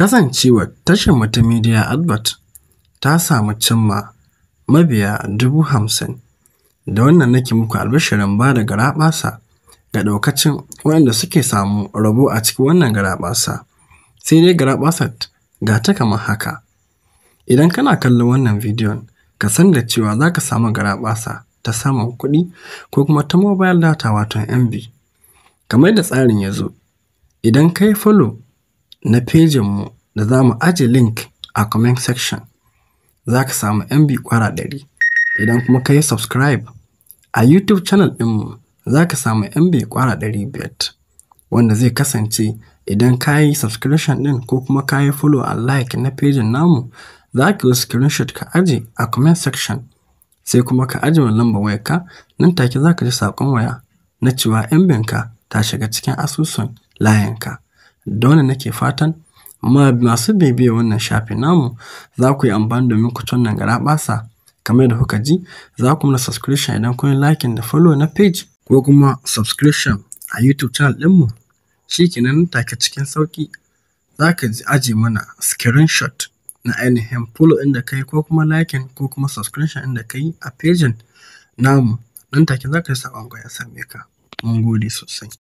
Kasancewa tashin multimedia Albert Advert ta samu cimma mabiya dubu hamsin, da wannan nake muku albishirin ba da garaɓasa ga ɗaukacin waɗanda suke samu rabo a cikin wannan garaɓasa. Sai dai garaɓasar ga ta kama haka. Idan kana kallon wannan bidiyon, ka san da cewa za ka samu garaɓasa ta samun kuɗi ko kuma ta mobile data wato MB. Kamar da tsarin ya zo, idan ka yi follow na mu da za mu aje link a comment section za ka samu MB kwara ɗari. Idan kuma ka yi subscribe a YouTube channel ɗinmu za ka samu MB kwara ɗari biyar wanda zai kasance idan ka yi subscription ɗin ko kuma ka yi follow and like na fejin namu za ka yi screenshot ka aje a comment section sai kuma ka aje wa lambar ka nan take za ka ji sakon waya na cewa 'yan ka ta shiga cikin asusun layanka. da wannan nake fatan masu bibiyar wannan shafin namu za ku yi amfani domin ku tunan gara basa kamar da kuka ji za ku mana subscription idan kun yi da follow na page ko kuma subscription a youtube channel ɗinmu shi kenan take cikin sauki za ka ji aje mana screenshot na ainihin follow inda kai ko kuma liking ko kuma subscription inda kai a page namu nan take za ka yi saƙon ya same ka mun gode sosai